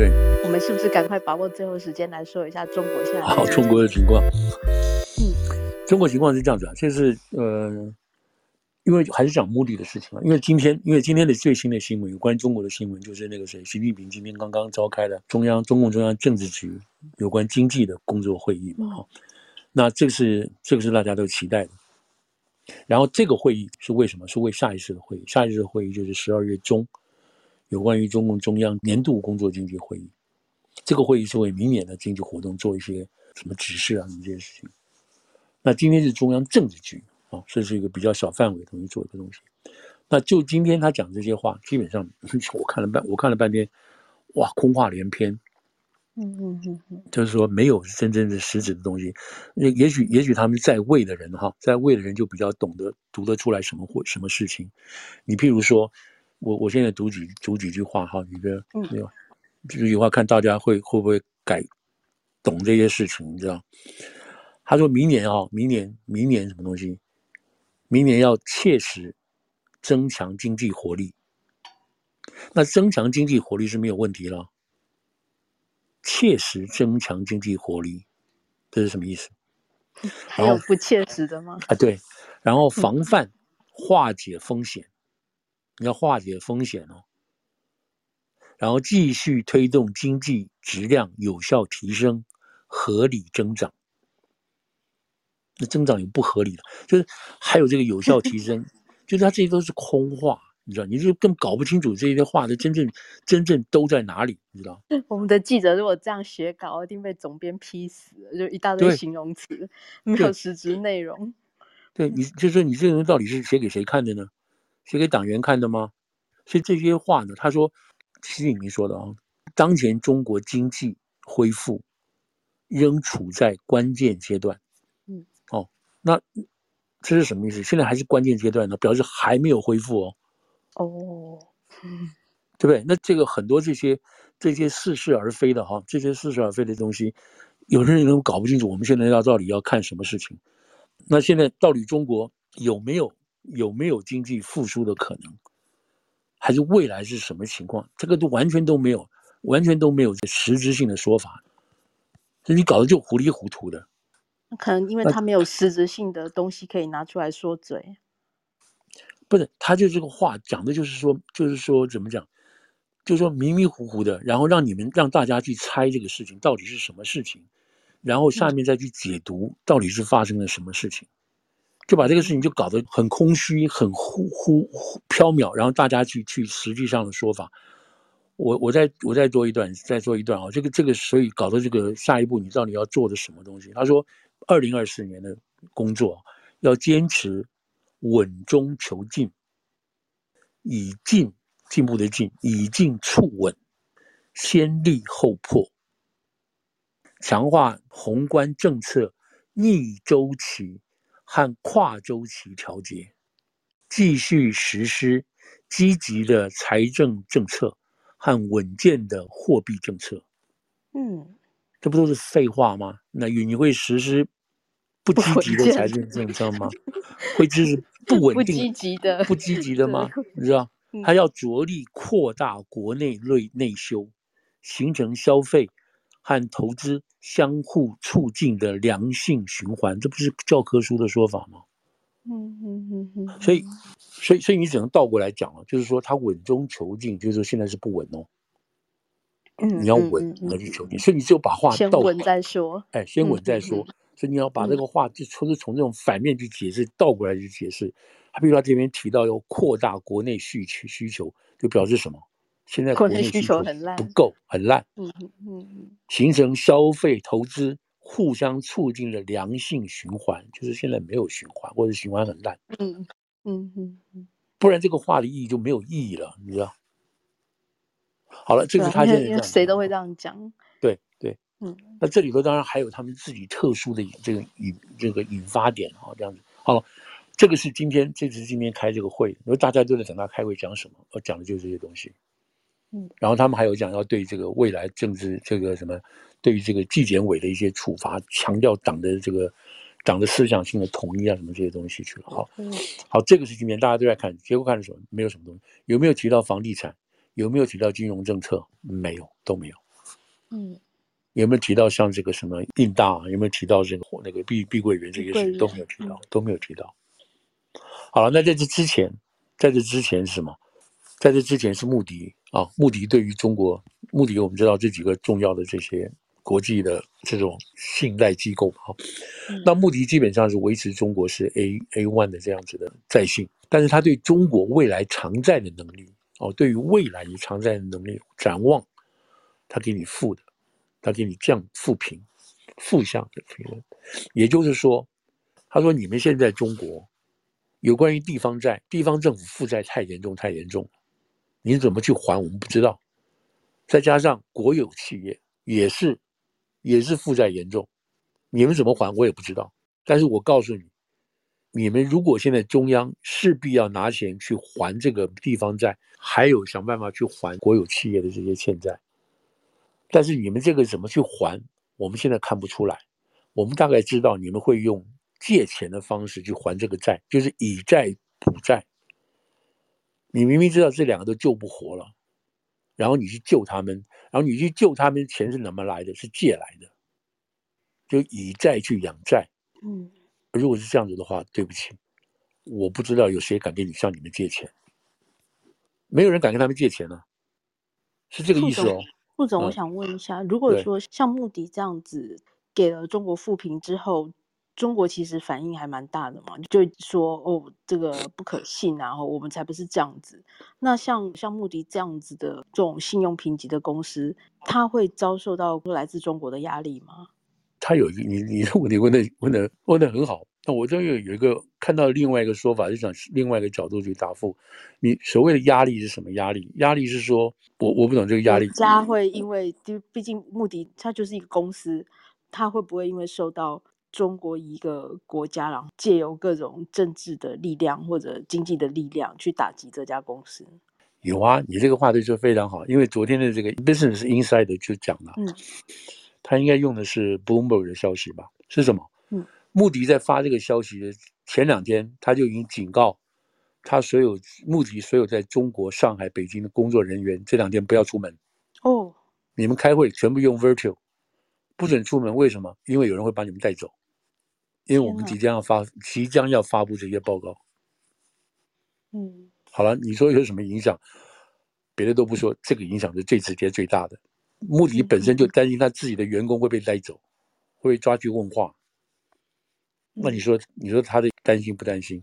對，我們是不是趕快把握最後時間來說一下中國現在？好，中國的情況。嗯，中國情況是這樣子啊，這是呃，因為還是講目的的事情啊。因為今天，因為今天的最新的新聞有關中國的新聞，就是那個誰，習近平今天剛剛召開的中央中共中央政治局有關經濟的工作會議嘛。嗯。那這個是這個是大家都期待的。然後這個會議是為什麼？是為下一次的會議，下一次的會議就是十二月中。有關於中共中央年度工作經濟會議，這個會議是為明年的經濟活動做一些什麼指示啊，什麼這些事情。那今天是中央政治局啊，這、哦、是一個比較小範圍，同時做一個東西。那就今天他講這些話，基本上我看了半，我看了半天，哇，空話連篇。嗯嗯嗯嗯，就是說沒有真正的實質的東西。也許也許他們在位的人哈，在位的人就比較懂得讀得出來什麼或什麼事情。你譬如說。我我現在讀幾讀幾句話哈，你知道沒有？幾句話看大家會會不會改懂這些事情，你知道？他說明年哈、啊，明年明年什麼東西？明年要切實增強經濟活力。那增強經濟活力是沒有問題了。切實增強經濟活力，這是什麼意思？還有不切實的嗎？啊、哎，對，然後防範化解風險。嗯你要化解風險哦，然後繼續推動經濟質量有效提升、合理增長。那增長有不合理的，就是還有這個有效提升， 就是他這些都是空話，你知道？你就更搞不清楚這些話的真正、真正都在哪裡，你知道？我們的記者如果這樣寫稿，一定被總編劈死了，就一大堆形容詞，沒有實質內容。對你，就說、是、你這個人到底是寫給誰看的呢？寫給黨員看的嗎？所以這些話呢，他說，習近平說的啊，當前中國經濟恢復仍處在關鍵階段。嗯，哦，那這是什麼意思？現在還是關鍵階段呢，表示還沒有恢復哦。哦，對不對？那這個很多這些這些似是而非的哈、啊，這些似是而非的東西，有的人都搞不清楚。我們現在要到底要看什麼事情？那現在到底中國有沒有？有沒有經濟復甦的可能？還是未來是什麼情況？這個都完全都沒有，完全都沒有這實質性的說法。你搞得就糊裡糊塗的。可能因為他沒有實質性的東西可以拿出來說嘴。不是，他就這個話講的就是說，就是說怎麼講，就是說迷迷糊糊的，然後讓你們讓大家去猜這個事情，到底是什麼事情，然後下面再去解讀到底是發生了什麼事情。嗯。就把這個事情就搞得很空虛、很忽忽飄縹緲，然後大家去去實際上的說法，我我再我再做一段，再做一段啊、哦！這個這個，所以搞到這個下一步你到底要做的什麼東西？他說，二零二四年的工作要堅持穩中求進，以進進步的進，以進促穩，先立後破，強化宏觀政策逆周期。和跨週期調節，繼續實施積極的財政政策和穩健的貨幣政策。嗯，這不都是廢話嗎？那你會實施不積極的財政政策嗎？會支持不穩定的不積極的、不積極的嗎？你知道，還要着力擴大國內內內需，形成消費和投資。相互促進的良性循環，這不是教科書的說法嗎？嗯嗯嗯嗯。所以，所以，所以你只能倒過來講了，就是說它穩中求進，就是說現在是不穩哦。嗯，你要穩來去求進，所以你只有把話倒過先穩再說。哎，先穩再說、嗯，所以你要把這個話就從從這種反面去解釋，嗯、倒過來去解釋。他比如他這邊提到要擴大國內需求需求，就表示什麼？現在國內，需求，現在國內需求很爛，不夠，很爛。嗯嗯嗯，形成消費投資互相促進的良性循環，就是現在沒有循環，或者循環很爛。嗯嗯嗯嗯，不然這個話的意義就沒有意義了，你知道？嗯、好了，這個是他現在、嗯、誰都會這樣講。對對，嗯，那這裡頭當然還有他們自己特殊的這個引這個引發點啊，這樣子。好了，這個是今天這個、是今天開這個會，因為大家都在等他開會講什麼，我講的就是這些東西。嗯，然後他們還有講要對這個未來政治這個什麼，對於這個紀檢委的一些處罰，強調黨的這個黨的思想性的統一啊，什麼這些東西去了。好，好，這個是今天大家都在看，結果看的時候沒有什麼東西，有沒有提到房地產？有沒有提到金融政策？沒有，都沒有。嗯，有沒有提到像這個什麼印大？有沒有提到這個火，那個碧碧桂園這些？都沒有提到，都沒有提到。好了，那在這之前，在這之前是什麼？在這之前是穆迪。啊，穆迪對於中國，穆迪我們知道這幾個重要的這些國際的這種信貸機構啊，那穆迪基本上是維持中國是 A A one 的這樣子的債信，但是它對中國未來償債的能力哦、啊，對於未來的償債的能力展望，它給你負的，它給你降負評，負向的評論，也就是說，他說你們現在中國有關於地方債，地方政府負債太嚴重，太嚴重。你怎麼去還我們不知道，再加上國有企業也是，也是負債嚴重，你們怎麼還我也不知道。但是我告訴你，你們如果現在中央勢必要拿錢去還這個地方債，還有想辦法去還國有企業的這些欠債，但是你們這個怎麼去還，我們現在看不出來。我們大概知道你們會用借錢的方式去還這個債，就是以債。你明明知道這兩個都救不活了，然後你去救他們，然後你去救他們錢是怎麼來的？是借來的，就以債去養債。嗯，如果是這樣子的話，對不起，我不知道有誰敢跟你向你們借錢，沒有人敢跟他們借錢呢、啊。是這個意思哦。副總，副總我想問一下、嗯，如果說像穆迪這樣子給了中國負評之後。中國其實反應還蠻大的嘛，就說哦，這個不可信啊，然後我們才不是這樣子。那像像穆迪這樣子的這種信用評級的公司，它會遭受到來自中國的壓力嗎？他有一，你，你的問題問的問的問的，問的很好。那我這有有一個看到另外一個說法，就想另外一個角度去答復。你所謂的壓力是什麼壓力？壓力是說，我我不懂這個壓力。人家會因為就畢竟穆迪它就是一個公司，它會不會因為受到？中國一個國家，然後借由各種政治的力量或者經濟的力量去打擊這家公司。有啊，你這個話題就非常好，因為昨天的這個 Business Insider 就講了，嗯，他應該用的是 Bloomberg 的消息吧？是什麼？嗯，穆迪在發這個消息的前兩天，他就已經警告他所有穆迪所有在中國上海、北京的工作人員，這兩天不要出門。哦，你們開會全部用 Virtual，不准出門。嗯，為什麼？因為有人會把你們帶走。因為我們即將要發，即將要發布這些報告。嗯，好了，你說有什麼影響？別的都不說，這個影響是最直接、最大的。穆迪本身就擔心他自己的員工會被帶走，會被抓去問話。那你說，你說他的擔心不擔心？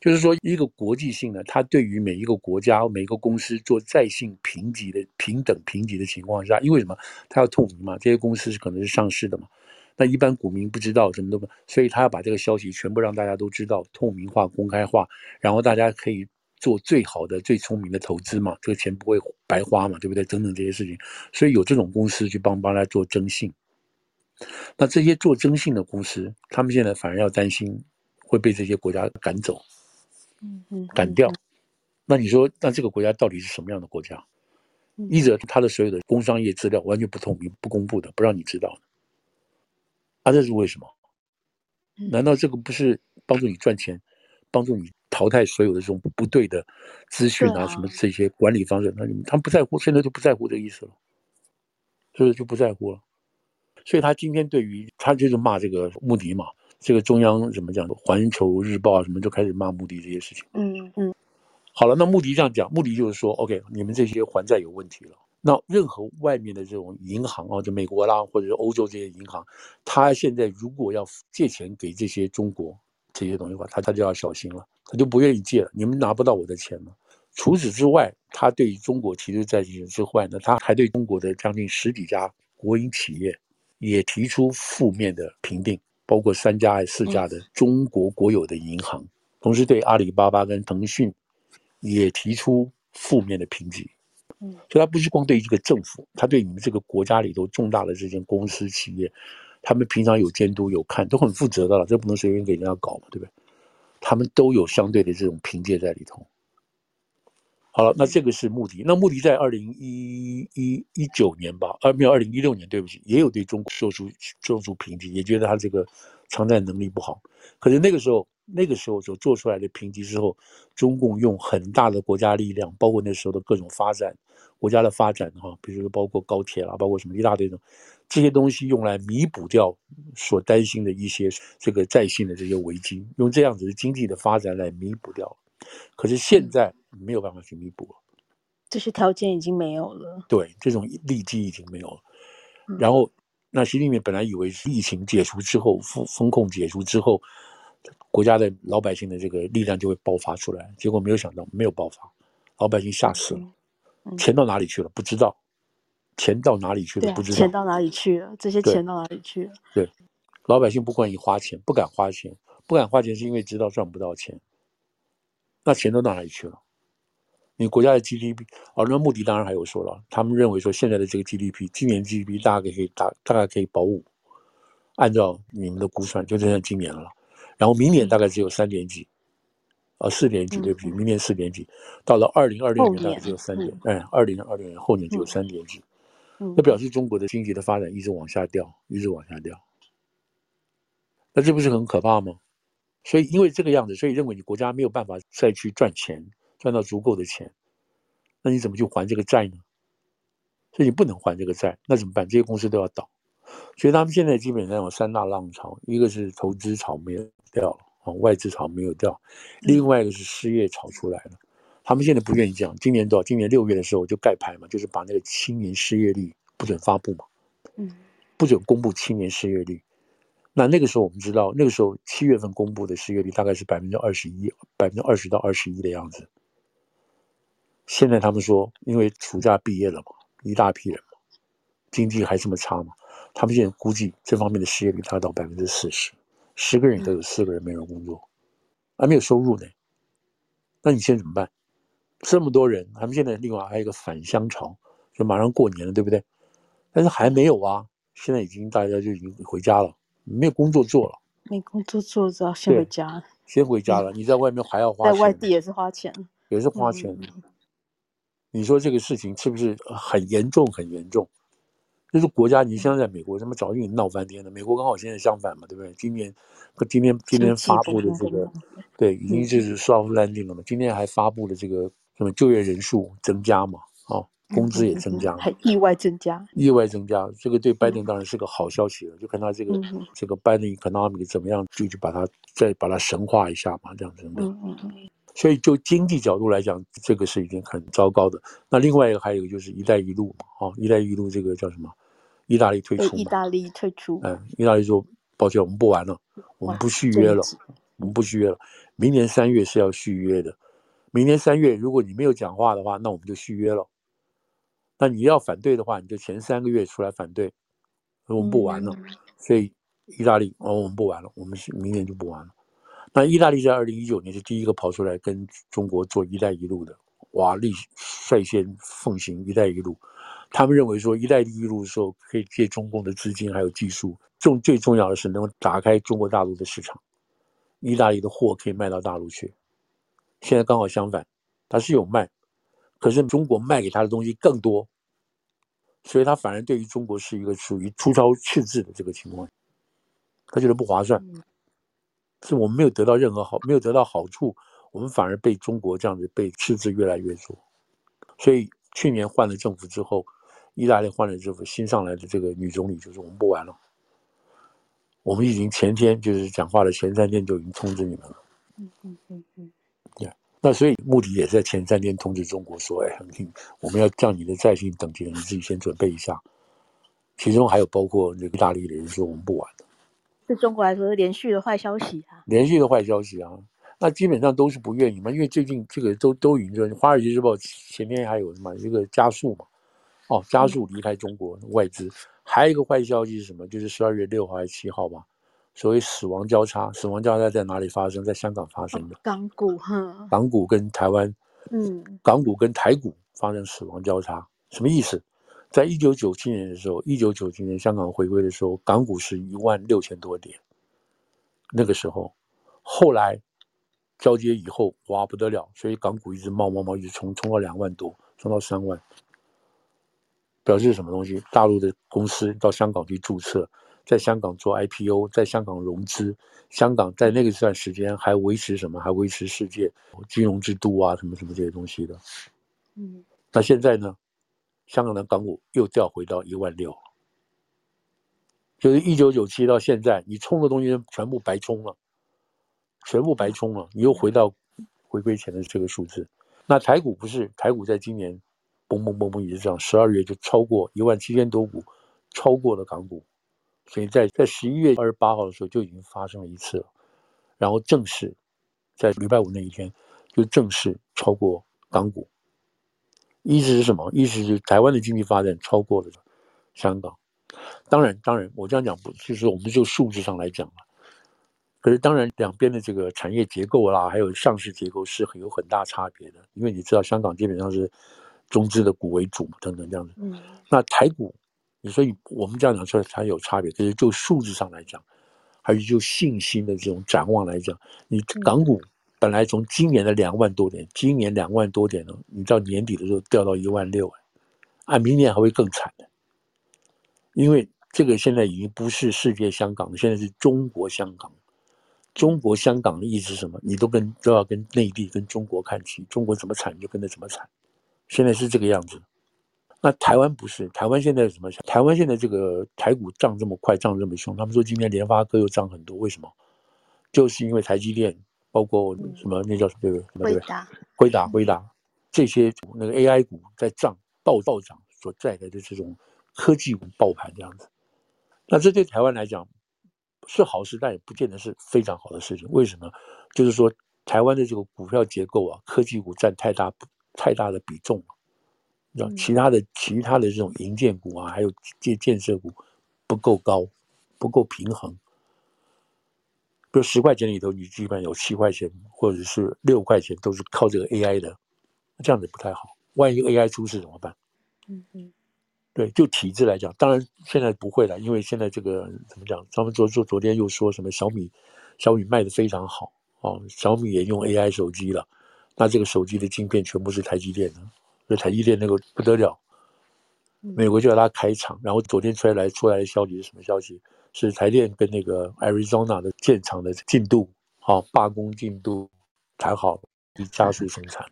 就是說，一個國際性呢，他對於每一個國家、每一個公司做在線評級的平等評級的情況下，因為什麼？他要透明嘛，這些公司是可能是上市的嘛。那一般股民不知道什麼都，嘛，所以他要把這個消息全部讓大家都知道，透明化、公開化，然後大家可以做最好的、最聰明的投資嘛，這個錢不會白花嘛，對不對？等等這些事情，所以有這種公司去幫幫他做徵信。那這些做徵信的公司，他們現在反而要擔心會被這些國家趕走，嗯嗯，趕、嗯、掉、嗯嗯。那你說，那這個國家到底是什麼樣的國家？嗯嗯、一則他的所有的工商業資料完全不透明、不公布的，不讓你知道。啊，這是為什麼？難道這個不是幫助你賺錢，嗯、幫助你淘汰所有的這種不對的資訊啊？啊什麼這些管理方式？他他們不在乎，現在就不在乎這個意思了，所以是就不在乎了？所以他今天對於他就是罵這個穆迪嘛，這個中央怎麼講？環球日報啊什麼就開始罵穆迪這些事情。嗯嗯，好了，那穆迪這樣講，穆迪就是說，OK，你們這些還債有問題了。那任何外面的這種銀行啊，就美國啦，或者是歐洲這些銀行，他現在如果要借錢給這些中國這些東西的話，他他就要小心了，他就不願意借了。你們拿不到我的錢嗎？除此之外，他對中國其實在也是壞的，他還對中國的將近十幾家國營企業也提出負面的評定，包括三家還是四家的中國國有的銀行，嗯，同時對阿里巴巴跟騰訊也提出負面的評級。所以，他不是光對這個政府，他對你們這個國家裡頭重大的這些公司企業，他們平常有監督有看，都很負責的了，這不能隨便給人家搞嘛，對不對？他們都有相對的這種憑借在裡頭。好了，那這個是穆迪。那穆迪在二零一一一九年吧，二、啊、沒有二零一六年，對不起，也有對中國做出做出評級，也覺得他這個償債能力不好。可是那個時候，那個時候所做出來的評級之後，中共用很大的國家力量，包括那時候的各種發展，國家的發展哈，比如說包括高鐵啦，包括什麼一大堆的，這些東西用來彌補掉所擔心的一些這個在線的這些危機，用這樣子的經濟的發展來彌補掉。可是現在沒有辦法去彌補了，這些條件已經沒有了。對，這種利基已經沒有了。嗯、然後，那習近平本來以為是疫情解除之後，封控解除之後，國家的老百姓的這個力量就會爆發出來，結果沒有想到沒有爆發，老百姓嚇死了、嗯嗯。錢到哪裡去了？不知道。錢到哪裡去了？不知道。錢到哪裡去了？這些錢到哪裡去了？對，對老百姓不管你花錢，不敢花錢，不敢花錢是因為知道賺不到錢。那錢都到哪裡去了？你國家的 GDP 而、哦、那目的當然還有說了。他們認為說現在的這個 GDP，今年 GDP 大概可以大，大概可以保五，按照你們的估算，就這樣今年了。然後明年大概只有三點幾，啊、哦，四點幾，對不起，明年四點幾，到了二零二六年大概只有三點、嗯，哎，二零二六年後年只有三點幾。那、嗯嗯、表示中國的經濟的發展一直往下掉，一直往下掉。那這不是很可怕嗎？所以，因為這個樣子，所以認為你國家沒有辦法再去賺錢，賺到足夠的錢，那你怎麼去還這個債呢？所以你不能還這個債，那怎麼辦？這些公司都要倒。所以他們現在基本上有三大浪潮：一個是投資潮沒有掉啊，外資潮沒有掉；另外一個是失業潮出來了。他們現在不願意講，今年到今年六月的時候就蓋牌嘛，就是把那個青年失業率不准發布嘛，嗯，不准公布青年失業率。那那個時候我們知道，那個時候七月份公布的失業率大概是百分之二十一、百分之二十到二十一的樣子。現在他們說，因為暑假畢業了嘛，一大批人嘛，經濟還這麼差嘛，他們現在估計這方面的失業率達到百分之四十，十個人都有四個人沒有工作，還沒有收入呢。那你現在怎麼辦？這麼多人，他們現在另外還有一個返鄉潮，就馬上過年了，對不對？但是還沒有啊，現在已經大家就已經回家了。沒有工作做了，沒工作做要先回家，先回家了，嗯。你在外面還要花，在外地也是花錢，嗯、也是花錢，嗯。你說這個事情是不是很嚴重，很嚴重？就是國家，你像在美國，什、嗯、麼早已你鬧翻天的？美國剛好現在相反嘛，對不對？今年，今天今天發布的這個，對，已經就是 soft landing 了嘛，嗯，今天還發布了這個什麼就業人數增加嘛，啊、哦？工資也增加了，還、嗯嗯嗯、意外增加，意外增加，這個對拜登當然是個好消息了、嗯嗯。就看他這個嗯嗯這個拜登 economic 怎麼樣，就去把他再把他神化一下嘛，這樣子的嗯嗯嗯。所以就經濟角度來講，這個是已經很糟糕的。那另外一個還有就是“一帶一路”啊，“一帶一路”這個叫什麼？意大利退出。意大利退出。嗯、哎，意大利說抱歉，我們不玩了，我們不續約了，我們不續約了。明年三月是要續約的。明年三月，如果你沒有講話的話，那我們就續約了。那你要反對的話，你就前三個月出來反對，說我們不玩了、嗯。所以意大利，哦，我們不玩了，我們是明年就不玩了。那意大利在二零一九年是第一個跑出來跟中國做“一帶一路”的，哇，立率先奉行“一帶一路”。他們認為說“一帶一路”的時候，可以借中共的資金還有技術，重最重要的是能夠打開中國大陸的市場，意大利的貨可以賣到大陸去。現在剛好相反，它是有賣。可是中國賣給他的東西更多，所以他反而對於中國是一個屬於出超赤字的這個情況，他覺得不划算，是我們沒有得到任何好，沒有得到好處，我們反而被中國這樣子被赤字越來越多，所以去年換了政府之後，意大利換了政府，新上來的這個女總理就是我們不玩了，我們已經前天就是講話的前三天就已經通知你們了。嗯嗯嗯嗯。那所以穆迪也是在前三天通知中國說：“哎，我們要降你的債券等級，你自己先準備一下。”其中還有包括那個意大利的人說我們不玩，對中國來說是連續的壞消息啊，連續的壞消息啊。那基本上都是不願意嘛，因為最近這個都都引證《華爾街日報》前面還有什麼一個加速嘛，哦，加速離開中國、嗯、外資。還有一個壞消息是什麼？就是十二月六號還是七號吧。所謂死亡交叉，死亡交叉在哪裡發生？在香港發生的。港股，哈，港股跟台灣，嗯，港股跟台股發生死亡交叉，什麼意思？在一九九七年的時候，一九九七年香港回歸的時候，港股是一萬六千多點，那個時候，後來交接以後，哇，不得了，所以港股一直冒冒冒冒，一直衝衝到兩萬多，衝到三萬。表示什麼東西？大陸的公司到香港去註冊。在香港做 IPO，在香港融資，香港在那個段時間還維持什麼？還維持世界金融制度啊，什麼什麼這些東西的。嗯，那現在呢？香港的港股又掉回到一萬六，就是一九九七到現在，你衝的東西全部白衝了，全部白衝了，你又回到回歸前的這個數字。那台股不是台股，在今年嘣嘣嘣嘣一直漲，十二月就超過一萬七千多股，超過了港股。所以在在十一月二十八號的時候就已經發生了一次了，然後正式在禮拜五那一天就正式超過港股。意思是什麼？意思就是台灣的經濟發展超過了香港。當然，當然我這樣講不就是說我們就數字上來講了，可是當然兩邊的這個產業結構啦，還有上市結構是很有很大差別的，因為你知道香港基本上是中資的股為主等等這樣的。嗯，那台股。所以我們這樣講出來才有差別，可是就數字上來講，還是就信心的這種展望來講，你港股本來從今年的兩萬多點，今年兩萬多點呢，你到年底的時候掉到一萬六，啊，按明年還會更慘的，因為這個現在已經不是世界香港，現在是中國香港，中國香港的意思是什麼？你都跟都要跟內地跟中國看齊，中國怎麼慘你就跟着怎麼慘，現在是這個樣子。那台灣不是？台灣現在什麼？台灣現在這個台股漲這麼快，漲這麼兇。他們說今天聯發科又漲很多，為什麼？就是因為台積電，包括什麼、嗯、那叫什麼？對不對？回答，回答，回答，嗯、這些那個 AI 股在漲，暴暴漲所在的這種科技股爆盤這樣子。那這對台灣來講是好事，但也不見得是非常好的事情。為什麼？就是說台灣的這個股票結構啊，科技股占太大太大的比重了、啊。讓其他的其他的這種營建股啊，還有建建設股，不夠高，不夠平衡。比如十塊錢裡頭，你基本上有七塊錢或者是六塊錢都是靠這個 AI 的，這樣子不太好。萬一 AI 出事怎麼辦？嗯嗯。對，就體制來講，當然現在不會了，因為現在這個怎麼講？咱們昨昨昨天又說什麼小米，小米賣的非常好哦，小米也用 AI 手機了，那這個手機的晶片全部是台積電的。所以台積電那個不得了，美國就要拉開廠，嗯，然後昨天出來，來出來的消息是什麼消息？是台電跟那個 Arizona 的建廠的進度。啊、哦，罷工進度談好，以加速生產。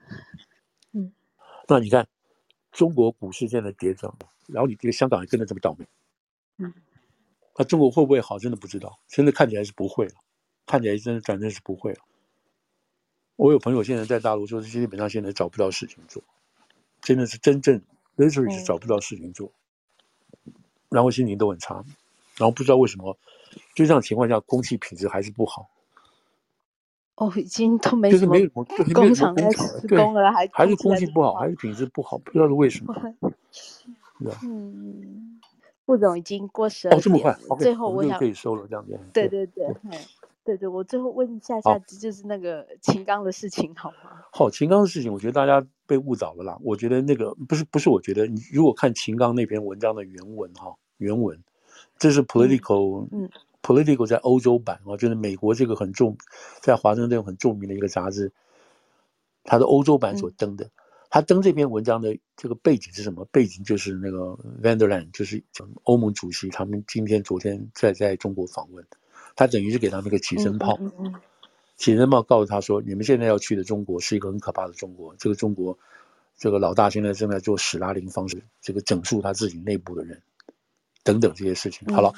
嗯，那你看，中國股市現在跌漲，然後你這個香港也跟着這麼倒霉。嗯，那中國會不會好？真的不知道，真的看起來是不會了，看起來真的，反正是不會了。我有朋友現在在大陸說，就是基本上現在找不到事情做。真的是真正人手也是找不到事情做，哎，然後心情都很差，然後不知道為什麼，就這樣情況下，空氣品質還是不好。哦，已經都沒什麼工廠開始施工了，還，還是空氣，氣不好，還是品質不好，不，好不知道是為什麼。嗯，副、嗯、總已經過世了，哦，這麼快，最後我也，okay, 可以收了，這樣子。對對對，嗯，對對，我最後問一下下，就是那個秦剛的事情，好，好嗎？好，秦剛的事情，我覺得大家，被誤導了啦！我覺得那個不是不是，不是我覺得你如果看秦剛那篇文章的原文哈、哦，原文這是 political，p、嗯嗯、o l political i t i c a l 在歐洲版哦，就是美國這個很重，在華盛頓很著名的一個雜誌，他的歐洲版所登的。他、嗯、登這篇文章的這個背景是什麼？背景就是那個 Vanderland，就是歐盟主席，他們今天、昨天在在中國訪問，他等於是給他那個起身炮。嗯嗯習近平告訴他說：“你們現在要去的中國是一個很可怕的中國。這個中國，這個老大現在正在做史達林方式，這個整肅他自己內部的人，等等這些事情。好了，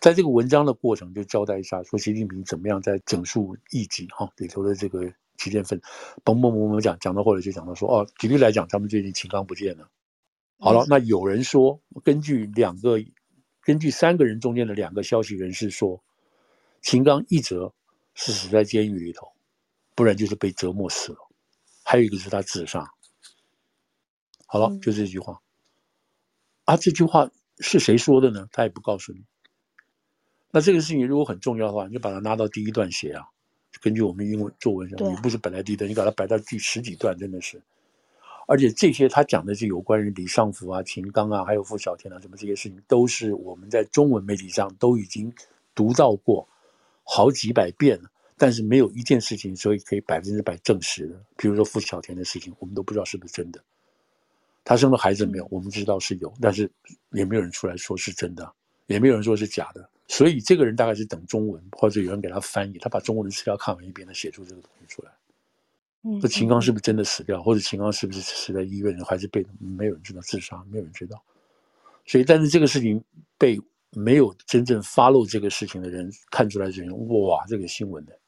在這個文章的過程就交代一下，說習近平怎麼樣在整肅異己，哈裡頭的這個七千份，嘣嘣嘣嘣，講講到後來就講到說哦，舉例來講，他們最近秦剛不見了。好了，那有人說，根據兩個，根據三個人中間的兩個消息人士說，秦剛一折是死在監獄裡頭，不然就是被折磨死了。還有一個是他自殺。好了，就這句話、嗯。啊，這句話是誰說的呢？他也不告訴你。那這個事情如果很重要的話，你就把它拿到第一段寫啊。就根據我們英文作文上，你不是本來第一段，你把它擺到第十幾段，真的是。而且這些他講的是有關於李尚福啊、秦剛啊、還有傅小天啊，什麼這些事情，都是我們在中文媒體上都已經讀到過。好幾百遍了，但是沒有一件事情所以可以百分之百證實的。比如說傅曉田的事情，我們都不知道是不是真的。他生了孩子沒有？我們知道是有，但是也沒有人出來說是真的，也沒有人說是假的。所以這個人大概是等中文，或者有人給他翻譯，他把中文的資料看完一遍，他寫出這個東西出來。這秦剛是不是真的死掉？或者秦剛是不是死在醫院？還是被沒有人知道自殺？沒有人知道。所以，但是這個事情被。沒有真正 follow 這個事情的人看出來，這種哇，這個新聞的。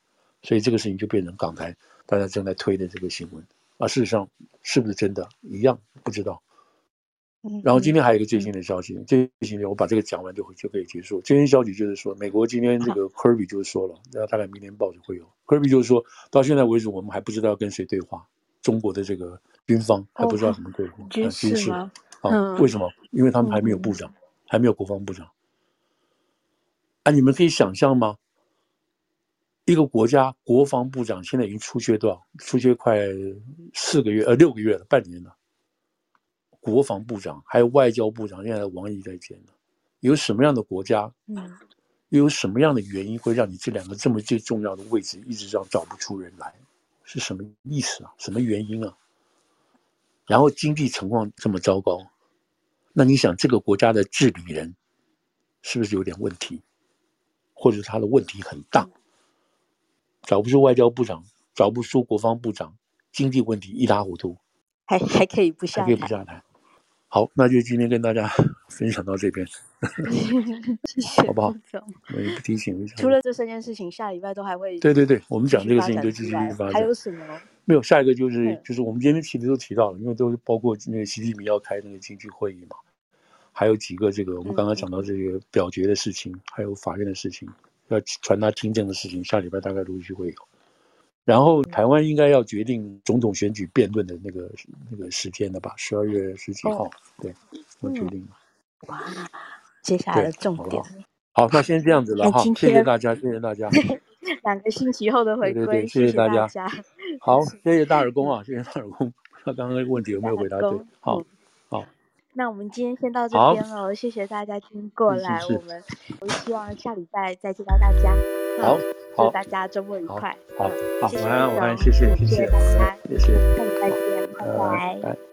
所以這個事情就變成港台大家正在推的這個新聞啊。事實上，是不是真的，一樣不知道，嗯。然後今天還有一個最新的消息，最新的我把這個講完就會就可以結束。最新消息就是說，美國今天這個柯比就說了，然後大概明天報紙就會有。柯比就是說到現在為止，我們還不知道跟誰對話，中國的這個軍方還不知道什麼對話，軍、哦、事啊，啊？為什麼、嗯？因為他們還沒有部長，嗯、還沒有國防部長。啊，你們可以想象嗎？一個國家國防部長現在已經出缺多少？出缺快四個月，呃，六個月了，半年了。國防部長還有外交部長，現在王毅在兼呢。有什麼樣的國家？嗯。又有什麼樣的原因會讓你這兩個這麼最重要的位置一直讓找不出人來？是什麼意思啊？什麼原因啊？然後經濟情況這麼糟糕，那你想這個國家的治理人是不是有點問題？或者他的問題很大，找不出外交部長，找不出國防部長，經濟問題一塌糊塗，還還可，還可以不下台。好，那就今天跟大家分享到這邊，謝謝，好不好？我也不提醒一下。除了這三件事情，下禮拜都還會， 都還會。對對對，我們講這個事情就繼續發展。還有什麼呢？沒有，下一個就是就是我們今天其實都提到了，因為都是包括那個習近平要開的那個經濟會議嘛。還有幾個這個，我們剛剛講到這個表決的事情、嗯，還有法院的事情，要傳達聽證的事情，下禮拜大概陸續會有。然後台灣應該要決定總統選舉辯論的那個、嗯、那個時間了吧？十二月十幾號、嗯，對，我決定了、嗯。哇，接下來的重點。好，好那先這樣子了哈。謝謝大家，謝謝大家。 兩個星期後的回歸，對對對，謝謝，謝謝大家。好，謝謝大耳公啊，謝謝大耳公， 他剛剛那個問題有沒有回答？謝謝對？好。那我們今天先到這邊嘍，謝謝大家今天過來，嗯、我們，我們希望下禮拜再見到大家。好，嗯、好，祝大家週末愉快。好，嗯、好，晚安，晚、啊、安、啊，謝謝，謝謝，拜拜，再見，拜拜。拜拜。